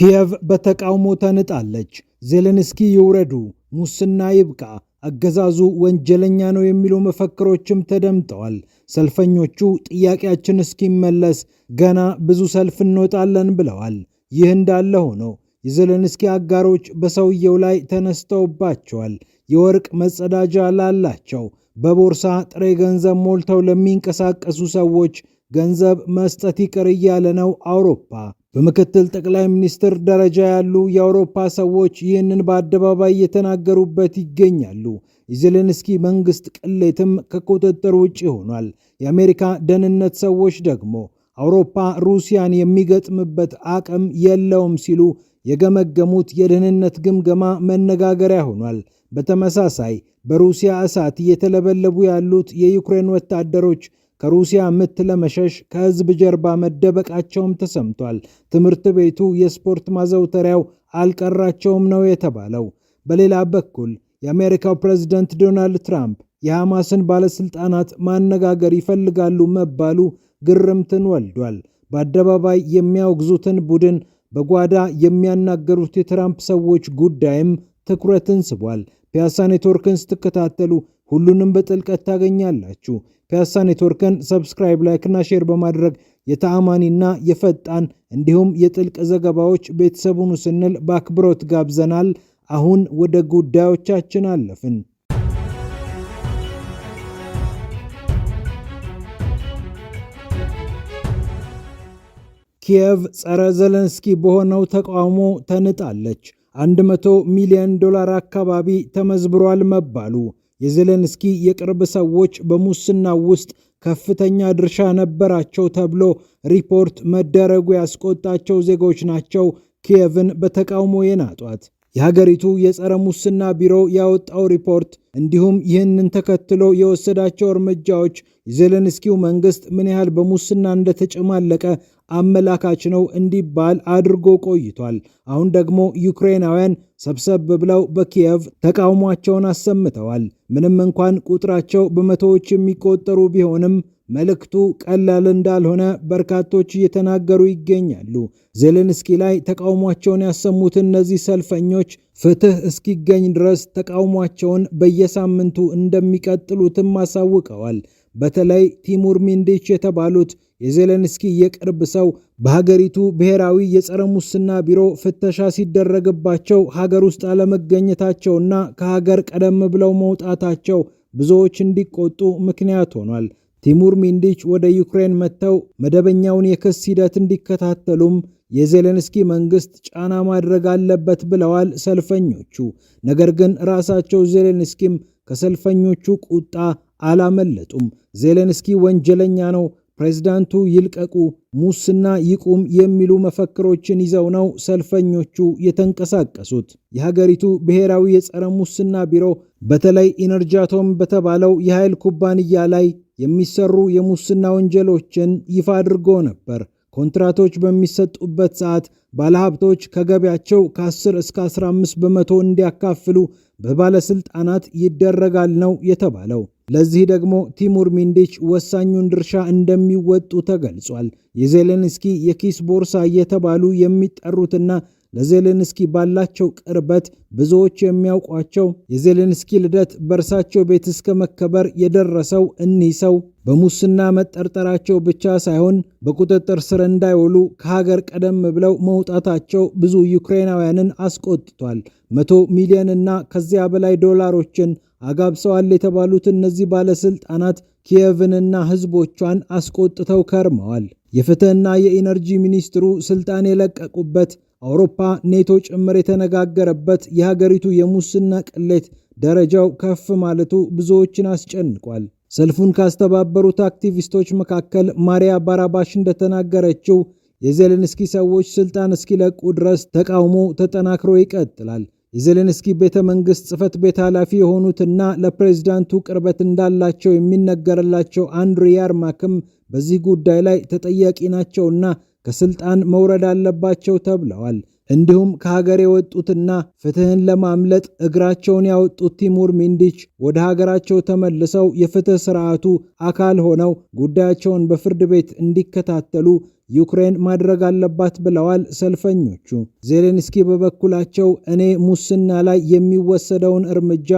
ኪየቭ በተቃውሞ ተንጣለች። ዜሌንስኪ ይውረዱ፣ ሙስና ይብቃ፣ አገዛዙ ወንጀለኛ ነው የሚሉ መፈክሮችም ተደምጠዋል። ሰልፈኞቹ ጥያቄያችን እስኪመለስ ገና ብዙ ሰልፍ እንወጣለን ብለዋል። ይህ እንዳለ ሆኖ የዜሌንስኪ አጋሮች በሰውየው ላይ ተነስተውባቸዋል። የወርቅ መጸዳጃ ላላቸው፣ በቦርሳ ጥሬ ገንዘብ ሞልተው ለሚንቀሳቀሱ ሰዎች ገንዘብ መስጠት ይቅር እያለ ነው አውሮፓ። በምክትል ጠቅላይ ሚኒስትር ደረጃ ያሉ የአውሮፓ ሰዎች ይህንን በአደባባይ እየተናገሩበት ይገኛሉ። የዜሌንስኪ መንግስት ቅሌትም ከቁጥጥር ውጭ ሆኗል። የአሜሪካ ደህንነት ሰዎች ደግሞ አውሮፓ ሩሲያን የሚገጥምበት አቅም የለውም ሲሉ የገመገሙት የደህንነት ግምገማ መነጋገሪያ ሆኗል። በተመሳሳይ በሩሲያ እሳት እየተለበለቡ ያሉት የዩክሬን ወታደሮች ከሩሲያ ምት ለመሸሽ ከህዝብ ጀርባ መደበቃቸውም ተሰምቷል። ትምህርት ቤቱ የስፖርት ማዘውተሪያው አልቀራቸውም ነው የተባለው። በሌላ በኩል የአሜሪካው ፕሬዝደንት ዶናልድ ትራምፕ የሐማስን ባለሥልጣናት ማነጋገር ይፈልጋሉ መባሉ ግርምትን ወልዷል። በአደባባይ የሚያወግዙትን ቡድን በጓዳ የሚያናገሩት የትራምፕ ሰዎች ጉዳይም ትኩረትን ስቧል። ፒያሳ ኔትወርክን ስትከታተሉ ሁሉንም በጥልቀት ታገኛላችሁ። ፒያሳ ኔትወርክን ሰብስክራይብ፣ ላይክ ና ሼር በማድረግ የተአማኒና የፈጣን እንዲሁም የጥልቅ ዘገባዎች ቤተሰቡን ስንል በአክብሮት ጋብዘናል። አሁን ወደ ጉዳዮቻችን አለፍን። ኪየቭ ጸረ ዘለንስኪ በሆነው ተቃውሞ ተንጣለች። 100 ሚሊዮን ዶላር አካባቢ ተመዝብሯል መባሉ የዜሌንስኪ የቅርብ ሰዎች በሙስና ውስጥ ከፍተኛ ድርሻ ነበራቸው ተብሎ ሪፖርት መደረጉ ያስቆጣቸው ዜጎች ናቸው ኪየቭን በተቃውሞ የናጧት። የሀገሪቱ የጸረ ሙስና ቢሮ ያወጣው ሪፖርት እንዲሁም ይህንን ተከትሎ የወሰዳቸው እርምጃዎች የዜሌንስኪው መንግስት ምን ያህል በሙስና እንደተጨማለቀ አመላካች ነው እንዲባል አድርጎ ቆይቷል። አሁን ደግሞ ዩክሬናውያን ሰብሰብ ብለው በኪየቭ ተቃውሟቸውን አሰምተዋል። ምንም እንኳን ቁጥራቸው በመቶዎች የሚቆጠሩ ቢሆንም መልእክቱ ቀላል እንዳልሆነ በርካቶች እየተናገሩ ይገኛሉ። ዜሌንስኪ ላይ ተቃውሟቸውን ያሰሙት እነዚህ ሰልፈኞች ፍትህ እስኪገኝ ድረስ ተቃውሟቸውን በየሳምንቱ እንደሚቀጥሉትም አሳውቀዋል። በተለይ ቲሙር ሚንዲች የተባሉት የዜሌንስኪ የቅርብ ሰው በሀገሪቱ ብሔራዊ የጸረ ሙስና ቢሮ ፍተሻ ሲደረግባቸው ሀገር ውስጥ አለመገኘታቸውና ከሀገር ቀደም ብለው መውጣታቸው ብዙዎች እንዲቆጡ ምክንያት ሆኗል። ቲሙር ሚንዲች ወደ ዩክሬን መጥተው መደበኛውን የክስ ሂደት እንዲከታተሉም የዜሌንስኪ መንግስት ጫና ማድረግ አለበት ብለዋል ሰልፈኞቹ። ነገር ግን ራሳቸው ዜሌንስኪም ከሰልፈኞቹ ቁጣ አላመለጡም። ዜሌንስኪ ወንጀለኛ ነው፣ ፕሬዝዳንቱ ይልቀቁ፣ ሙስና ይቁም የሚሉ መፈክሮችን ይዘው ነው ሰልፈኞቹ የተንቀሳቀሱት። የሀገሪቱ ብሔራዊ የጸረ ሙስና ቢሮ በተለይ ኢነርጃቶም በተባለው የኃይል ኩባንያ ላይ የሚሰሩ የሙስና ወንጀሎችን ይፋ አድርጎ ነበር። ኮንትራቶች በሚሰጡበት ሰዓት ባለሀብቶች ከገቢያቸው ከ10 እስከ 15 በመቶ እንዲያካፍሉ በባለሥልጣናት ይደረጋል ነው የተባለው። ለዚህ ደግሞ ቲሙር ሚንዲች ወሳኙን ድርሻ እንደሚወጡ ተገልጿል። የዜሌንስኪ የኪስ ቦርሳ እየተባሉ የሚጠሩትና ለዜሌንስኪ ባላቸው ቅርበት ብዙዎች የሚያውቋቸው የዜሌንስኪ ልደት በእርሳቸው ቤት እስከ መከበር የደረሰው እኒህ ሰው በሙስና መጠርጠራቸው ብቻ ሳይሆን በቁጥጥር ስር እንዳይውሉ ከሀገር ቀደም ብለው መውጣታቸው ብዙ ዩክሬናውያንን አስቆጥቷል። መቶ ሚሊዮን እና ከዚያ በላይ ዶላሮችን አጋብሰዋል የተባሉት እነዚህ ባለሥልጣናት ኪየቭንና ሕዝቦቿን አስቆጥተው ከርመዋል። የፍትህና የኢነርጂ ሚኒስትሩ ስልጣን የለቀቁበት አውሮፓ፣ ኔቶ ጭምር የተነጋገረበት የሀገሪቱ የሙስና ቅሌት ደረጃው ከፍ ማለቱ ብዙዎችን አስጨንቋል። ሰልፉን ካስተባበሩት አክቲቪስቶች መካከል ማሪያ ባራባሽ እንደተናገረችው የዜሌንስኪ ሰዎች ስልጣን እስኪለቁ ድረስ ተቃውሞ ተጠናክሮ ይቀጥላል። የዜሌንስኪ ቤተ መንግሥት ጽሕፈት ቤት ኃላፊ የሆኑትና ለፕሬዚዳንቱ ቅርበት እንዳላቸው የሚነገርላቸው አንድሪ ያርማክም በዚህ ጉዳይ ላይ ተጠያቂ ናቸውና ከስልጣን መውረድ አለባቸው ተብለዋል። እንዲሁም ከሀገር የወጡትና ፍትህን ለማምለጥ እግራቸውን ያወጡት ቲሙር ሚንዲች ወደ ሀገራቸው ተመልሰው የፍትህ ስርዓቱ አካል ሆነው ጉዳያቸውን በፍርድ ቤት እንዲከታተሉ ዩክሬን ማድረግ አለባት ብለዋል ሰልፈኞቹ። ዜሌንስኪ በበኩላቸው እኔ ሙስና ላይ የሚወሰደውን እርምጃ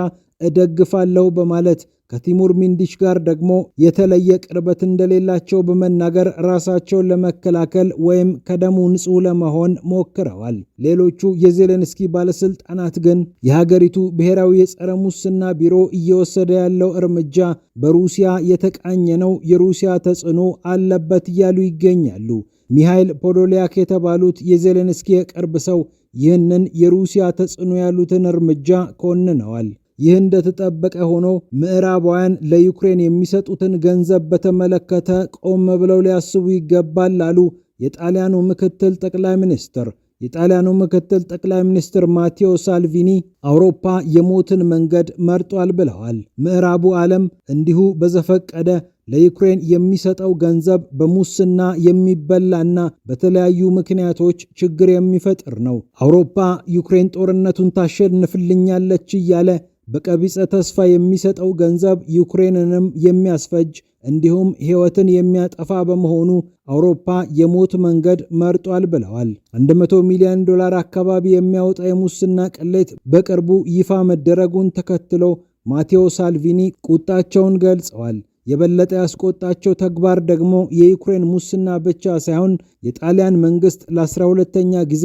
እደግፋለሁ በማለት ከቲሙር ሚንዲሽ ጋር ደግሞ የተለየ ቅርበት እንደሌላቸው በመናገር ራሳቸውን ለመከላከል ወይም ከደሙ ንጹህ ለመሆን ሞክረዋል። ሌሎቹ የዜሌንስኪ ባለስልጣናት ግን የሀገሪቱ ብሔራዊ የጸረ ሙስና ቢሮ እየወሰደ ያለው እርምጃ በሩሲያ የተቃኘ ነው፣ የሩሲያ ተጽዕኖ አለበት እያሉ ይገኛሉ። ሚሃይል ፖዶሊያክ የተባሉት የዜሌንስኪ የቅርብ ሰው ይህንን የሩሲያ ተጽዕኖ ያሉትን እርምጃ ኮንነዋል። ይህ እንደተጠበቀ ሆኖ ምዕራባውያን ለዩክሬን የሚሰጡትን ገንዘብ በተመለከተ ቆም ብለው ሊያስቡ ይገባል አሉ የጣሊያኑ ምክትል ጠቅላይ ሚኒስትር። የጣሊያኑ ምክትል ጠቅላይ ሚኒስትር ማቴዎ ሳልቪኒ አውሮፓ የሞትን መንገድ መርጧል ብለዋል። ምዕራቡ ዓለም እንዲሁ በዘፈቀደ ለዩክሬን የሚሰጠው ገንዘብ በሙስና የሚበላና በተለያዩ ምክንያቶች ችግር የሚፈጥር ነው። አውሮፓ ዩክሬን ጦርነቱን ታሸንፍልኛለች እያለ በቀቢጸ ተስፋ የሚሰጠው ገንዘብ ዩክሬንንም የሚያስፈጅ እንዲሁም ሕይወትን የሚያጠፋ በመሆኑ አውሮፓ የሞት መንገድ መርጧል ብለዋል። 100 ሚሊዮን ዶላር አካባቢ የሚያወጣ የሙስና ቅሌት በቅርቡ ይፋ መደረጉን ተከትሎ ማቴዎ ሳልቪኒ ቁጣቸውን ገልጸዋል። የበለጠ ያስቆጣቸው ተግባር ደግሞ የዩክሬን ሙስና ብቻ ሳይሆን የጣሊያን መንግስት ለ12ተኛ ጊዜ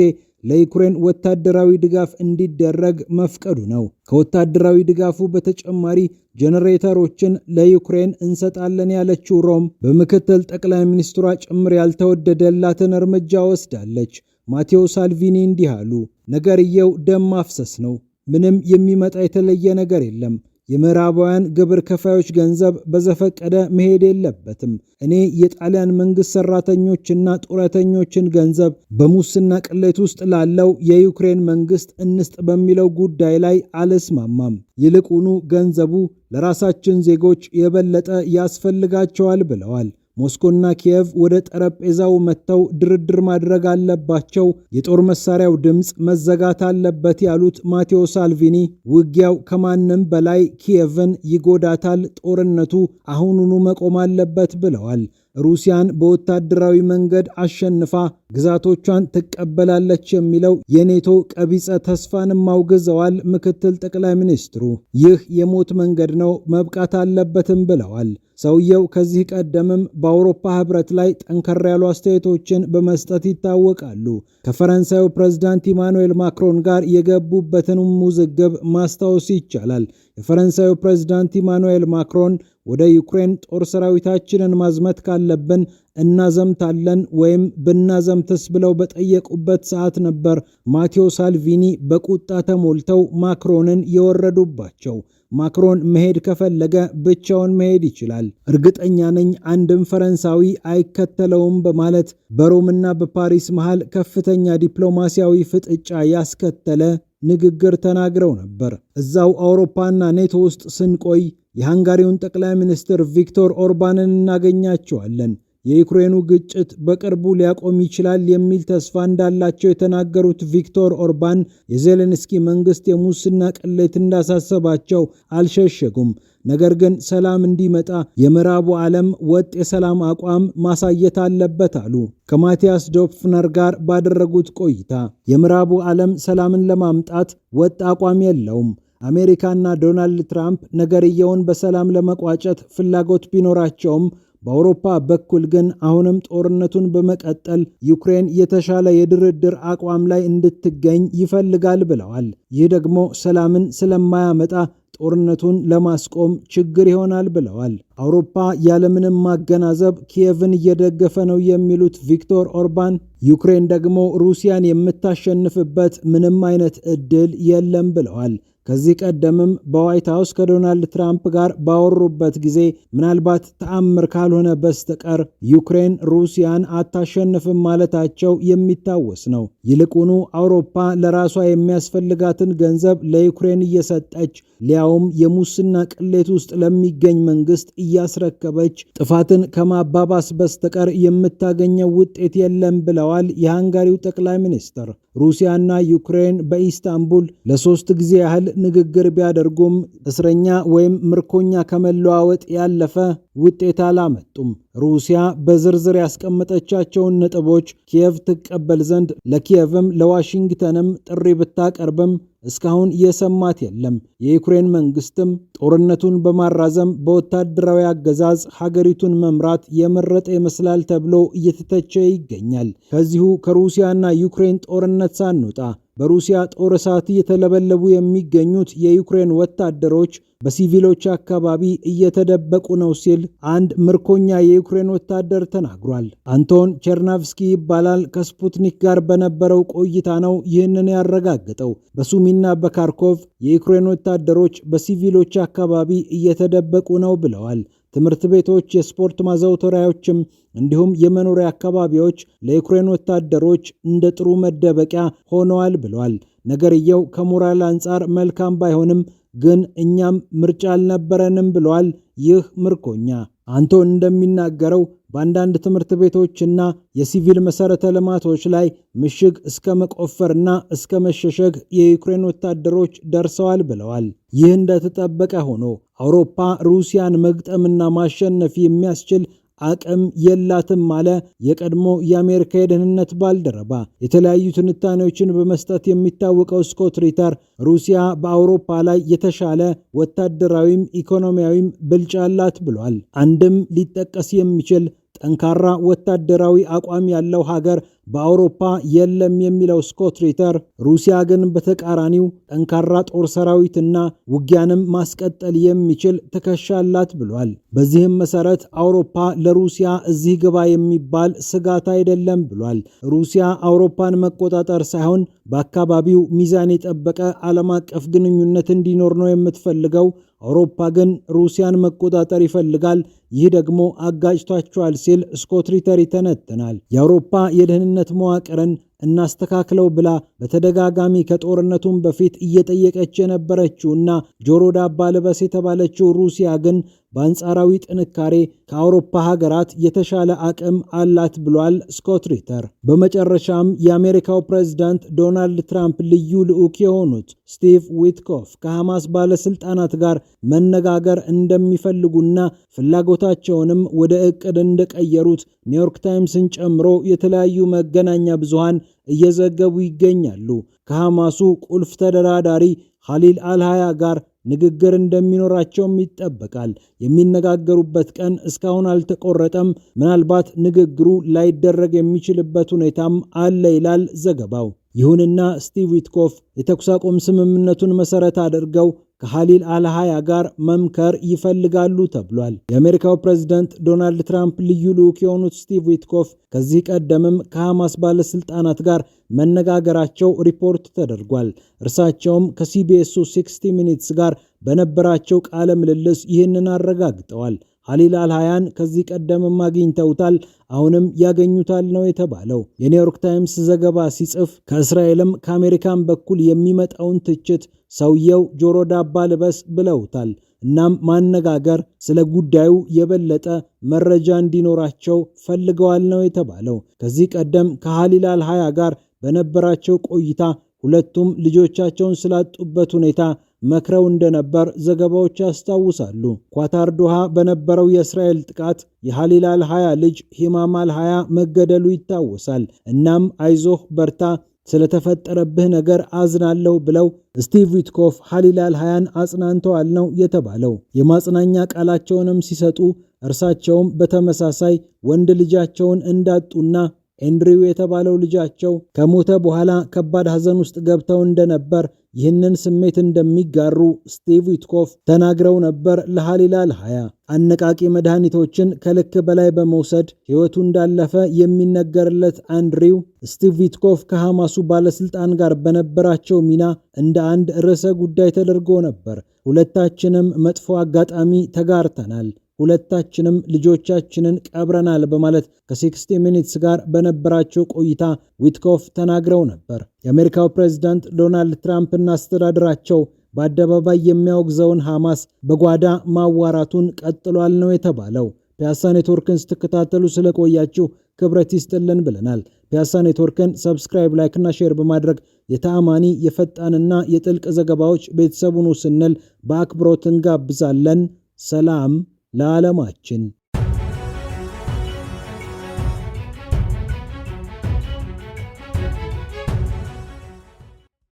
ለዩክሬን ወታደራዊ ድጋፍ እንዲደረግ መፍቀዱ ነው። ከወታደራዊ ድጋፉ በተጨማሪ ጄኔሬተሮችን ለዩክሬን እንሰጣለን ያለችው ሮም በምክትል ጠቅላይ ሚኒስትሯ ጭምር ያልተወደደላትን እርምጃ ወስዳለች። ማቴዎ ሳልቪኒ እንዲህ አሉ፣ ነገርየው ደም ማፍሰስ ነው። ምንም የሚመጣ የተለየ ነገር የለም። የምዕራባውያን ግብር ከፋዮች ገንዘብ በዘፈቀደ መሄድ የለበትም። እኔ የጣሊያን መንግስት ሠራተኞችና ጡረተኞችን ገንዘብ በሙስና ቅሌት ውስጥ ላለው የዩክሬን መንግስት እንስጥ በሚለው ጉዳይ ላይ አልስማማም። ይልቁኑ ገንዘቡ ለራሳችን ዜጎች የበለጠ ያስፈልጋቸዋል ብለዋል። ሞስኮና ኪየቭ ወደ ጠረጴዛው መጥተው ድርድር ማድረግ አለባቸው፣ የጦር መሳሪያው ድምፅ መዘጋት አለበት ያሉት ማቴዎ ሳልቪኒ ውጊያው ከማንም በላይ ኪየቭን ይጎዳታል፣ ጦርነቱ አሁኑኑ መቆም አለበት ብለዋል። ሩሲያን በወታደራዊ መንገድ አሸንፋ ግዛቶቿን ትቀበላለች የሚለው የኔቶ ቀቢጸ ተስፋንም አውግዘዋል። ምክትል ጠቅላይ ሚኒስትሩ ይህ የሞት መንገድ ነው፣ መብቃት አለበትም ብለዋል። ሰውየው ከዚህ ቀደምም በአውሮፓ ህብረት ላይ ጠንከር ያሉ አስተያየቶችን በመስጠት ይታወቃሉ። ከፈረንሳዩ ፕሬዝዳንት ኢማኑኤል ማክሮን ጋር የገቡበትንም ውዝግብ ማስታወስ ይቻላል። የፈረንሳዩ ፕሬዝዳንት ኢማኑኤል ማክሮን ወደ ዩክሬን ጦር ሰራዊታችንን ማዝመት ካለብን እናዘምታለን ወይም ብናዘምትስ ብለው በጠየቁበት ሰዓት ነበር ማቴዎ ሳልቪኒ በቁጣ ተሞልተው ማክሮንን የወረዱባቸው። ማክሮን መሄድ ከፈለገ ብቻውን መሄድ ይችላል፣ እርግጠኛ ነኝ አንድም ፈረንሳዊ አይከተለውም በማለት በሮምና በፓሪስ መሃል ከፍተኛ ዲፕሎማሲያዊ ፍጥጫ ያስከተለ ንግግር ተናግረው ነበር። እዛው አውሮፓና ኔቶ ውስጥ ስንቆይ የሃንጋሪውን ጠቅላይ ሚኒስትር ቪክቶር ኦርባንን እናገኛቸዋለን። የዩክሬኑ ግጭት በቅርቡ ሊያቆም ይችላል የሚል ተስፋ እንዳላቸው የተናገሩት ቪክቶር ኦርባን የዜሌንስኪ መንግስት የሙስና ቅሌት እንዳሳሰባቸው አልሸሸጉም። ነገር ግን ሰላም እንዲመጣ የምዕራቡ ዓለም ወጥ የሰላም አቋም ማሳየት አለበት አሉ። ከማቲያስ ዶፍነር ጋር ባደረጉት ቆይታ የምዕራቡ ዓለም ሰላምን ለማምጣት ወጥ አቋም የለውም። አሜሪካና ዶናልድ ትራምፕ ነገርየውን በሰላም ለመቋጨት ፍላጎት ቢኖራቸውም በአውሮፓ በኩል ግን አሁንም ጦርነቱን በመቀጠል ዩክሬን የተሻለ የድርድር አቋም ላይ እንድትገኝ ይፈልጋል ብለዋል። ይህ ደግሞ ሰላምን ስለማያመጣ ጦርነቱን ለማስቆም ችግር ይሆናል ብለዋል። አውሮፓ ያለምንም ማገናዘብ ኪየቭን እየደገፈ ነው የሚሉት ቪክቶር ኦርባን ዩክሬን ደግሞ ሩሲያን የምታሸንፍበት ምንም አይነት ዕድል የለም ብለዋል። ከዚህ ቀደምም በዋይት ሀውስ ከዶናልድ ትራምፕ ጋር ባወሩበት ጊዜ ምናልባት ተአምር ካልሆነ በስተቀር ዩክሬን ሩሲያን አታሸንፍም ማለታቸው የሚታወስ ነው። ይልቁኑ አውሮፓ ለራሷ የሚያስፈልጋትን ገንዘብ ለዩክሬን እየሰጠች ሊያውም የሙስና ቅሌት ውስጥ ለሚገኝ መንግስት እያስረከበች ጥፋትን ከማባባስ በስተቀር የምታገኘው ውጤት የለም ብለዋል የሃንጋሪው ጠቅላይ ሚኒስትር። ሩሲያና ዩክሬን በኢስታንቡል ለሶስት ጊዜ ያህል ንግግር ቢያደርጉም እስረኛ ወይም ምርኮኛ ከመለዋወጥ ያለፈ ውጤት አላመጡም። ሩሲያ በዝርዝር ያስቀመጠቻቸውን ነጥቦች ኪየቭ ትቀበል ዘንድ ለኪየቭም ለዋሽንግተንም ጥሪ ብታቀርብም እስካሁን የሰማት የለም። የዩክሬን መንግስትም ጦርነቱን በማራዘም በወታደራዊ አገዛዝ ሀገሪቱን መምራት የመረጠ ይመስላል ተብሎ እየተተቸ ይገኛል። ከዚሁ ከሩሲያና ዩክሬን ጦርነት ሳንወጣ በሩሲያ ጦር እሳት እየተለበለቡ የሚገኙት የዩክሬን ወታደሮች በሲቪሎች አካባቢ እየተደበቁ ነው ሲል አንድ ምርኮኛ የዩክሬን ወታደር ተናግሯል። አንቶን ቸርናቭስኪ ይባላል። ከስፑትኒክ ጋር በነበረው ቆይታ ነው ይህንን ያረጋግጠው። በሱሚና በካርኮቭ የዩክሬን ወታደሮች በሲቪሎች አካባቢ እየተደበቁ ነው ብለዋል። ትምህርት ቤቶች፣ የስፖርት ማዘውተሪያዎችም እንዲሁም የመኖሪያ አካባቢዎች ለዩክሬን ወታደሮች እንደ ጥሩ መደበቂያ ሆነዋል ብለዋል። ነገርየው ከሞራል አንጻር መልካም ባይሆንም ግን እኛም ምርጫ አልነበረንም ብለዋል። ይህ ምርኮኛ አንቶን እንደሚናገረው በአንዳንድ ትምህርት ቤቶችና የሲቪል መሠረተ ልማቶች ላይ ምሽግ እስከ መቆፈርና እስከ መሸሸግ የዩክሬን ወታደሮች ደርሰዋል ብለዋል። ይህ እንደተጠበቀ ሆኖ አውሮፓ ሩሲያን መግጠምና ማሸነፍ የሚያስችል አቅም የላትም አለ የቀድሞ የአሜሪካ የደህንነት ባልደረባ የተለያዩ ትንታኔዎችን በመስጠት የሚታወቀው ስኮት ሪተር ሩሲያ በአውሮፓ ላይ የተሻለ ወታደራዊም ኢኮኖሚያዊም ብልጫ አላት ብሏል። አንድም ሊጠቀስ የሚችል ጠንካራ ወታደራዊ አቋም ያለው ሀገር በአውሮፓ የለም የሚለው ስኮት ሪተር ሩሲያ ግን በተቃራኒው ጠንካራ ጦር ሰራዊትና ውጊያንም ማስቀጠል የሚችል ትከሻላት ብሏል። በዚህም መሰረት አውሮፓ ለሩሲያ እዚህ ግባ የሚባል ስጋት አይደለም ብሏል። ሩሲያ አውሮፓን መቆጣጠር ሳይሆን በአካባቢው ሚዛን የጠበቀ ዓለም አቀፍ ግንኙነት እንዲኖር ነው የምትፈልገው። አውሮፓ ግን ሩሲያን መቆጣጠር ይፈልጋል። ይህ ደግሞ አጋጭቷቸዋል ሲል ስኮት ሪተር ይተነትናል። የአውሮፓ የደህንነት የደህንነት መዋቅርን እናስተካክለው ብላ በተደጋጋሚ ከጦርነቱም በፊት እየጠየቀች የነበረችው እና ጆሮ ዳባ ልበስ የተባለችው ሩሲያ ግን በአንጻራዊ ጥንካሬ ከአውሮፓ ሀገራት የተሻለ አቅም አላት ብሏል ስኮት ሪተር። በመጨረሻም የአሜሪካው ፕሬዝዳንት ዶናልድ ትራምፕ ልዩ ልዑክ የሆኑት ስቲቭ ዊትኮፍ ከሐማስ ባለስልጣናት ጋር መነጋገር እንደሚፈልጉና ፍላጎታቸውንም ወደ ዕቅድ እንደቀየሩት ኒውዮርክ ታይምስን ጨምሮ የተለያዩ መገናኛ ብዙሃን እየዘገቡ ይገኛሉ። ከሐማሱ ቁልፍ ተደራዳሪ ኻሊል አልሃያ ጋር ንግግር እንደሚኖራቸውም ይጠበቃል። የሚነጋገሩበት ቀን እስካሁን አልተቆረጠም። ምናልባት ንግግሩ ላይደረግ የሚችልበት ሁኔታም አለ ይላል ዘገባው። ይሁንና ስቲቭ ዊትኮፍ የተኩስ አቁም ስምምነቱን መሠረት አድርገው ከሐሊል አልሃያ ጋር መምከር ይፈልጋሉ ተብሏል። የአሜሪካው ፕሬዝደንት ዶናልድ ትራምፕ ልዩ ልዑክ የሆኑት ስቲቭ ዊትኮፍ ከዚህ ቀደምም ከሐማስ ባለሥልጣናት ጋር መነጋገራቸው ሪፖርት ተደርጓል። እርሳቸውም ከሲቢኤሱ 60 ሚኒትስ ጋር በነበራቸው ቃለ ምልልስ ይህንን አረጋግጠዋል። ሀሊል አልሃያን ከዚህ ቀደምም አግኝተውታል፣ አሁንም ያገኙታል ነው የተባለው። የኒውዮርክ ታይምስ ዘገባ ሲጽፍ ከእስራኤልም ከአሜሪካን በኩል የሚመጣውን ትችት ሰውየው ጆሮ ዳባ ልበስ ብለውታል። እናም ማነጋገር ስለ ጉዳዩ የበለጠ መረጃ እንዲኖራቸው ፈልገዋል ነው የተባለው። ከዚህ ቀደም ከሀሊል አልሃያ ጋር በነበራቸው ቆይታ ሁለቱም ልጆቻቸውን ስላጡበት ሁኔታ መክረው እንደነበር ዘገባዎች ያስታውሳሉ። ኳታር ዶሃ በነበረው የእስራኤል ጥቃት የሃሊል አልሃያ ልጅ ሂማም አልሃያ መገደሉ ይታወሳል። እናም አይዞህ በርታ ስለተፈጠረብህ ነገር አዝናለሁ ብለው ስቲቭ ዊትኮፍ ሃሊል አልሃያን አጽናንተዋል ነው የተባለው። የማጽናኛ ቃላቸውንም ሲሰጡ እርሳቸውም በተመሳሳይ ወንድ ልጃቸውን እንዳጡና ኤንድሪው የተባለው ልጃቸው ከሞተ በኋላ ከባድ ሐዘን ውስጥ ገብተው እንደነበር ይህንን ስሜት እንደሚጋሩ ስቲቭ ዊትኮፍ ተናግረው ነበር። ለሃሊላል ለሀያ አነቃቂ መድኃኒቶችን ከልክ በላይ በመውሰድ ሕይወቱ እንዳለፈ የሚነገርለት አንድሪው ስቲቭ ዊትኮፍ ከሐማሱ ባለሥልጣን ጋር በነበራቸው ሚና እንደ አንድ ርዕሰ ጉዳይ ተደርጎ ነበር። ሁለታችንም መጥፎ አጋጣሚ ተጋርተናል ሁለታችንም ልጆቻችንን ቀብረናል በማለት ከሲክስቲ ሚኒትስ ጋር በነበራቸው ቆይታ ዊትኮፍ ተናግረው ነበር። የአሜሪካው ፕሬዚዳንት ዶናልድ ትራምፕ እና አስተዳደራቸው በአደባባይ የሚያወግዘውን ሐማስ በጓዳ ማዋራቱን ቀጥሏል ነው የተባለው። ፒያሳ ኔትወርክን ስትከታተሉ ስለቆያችሁ ክብረት ይስጥልን ብለናል። ፒያሳ ኔትወርክን ሰብስክራይብ፣ ላይክና ሼር በማድረግ የተአማኒ የፈጣንና የጥልቅ ዘገባዎች ቤተሰቡን ስንል በአክብሮት እንጋብዛለን። ሰላም ለዓለማችን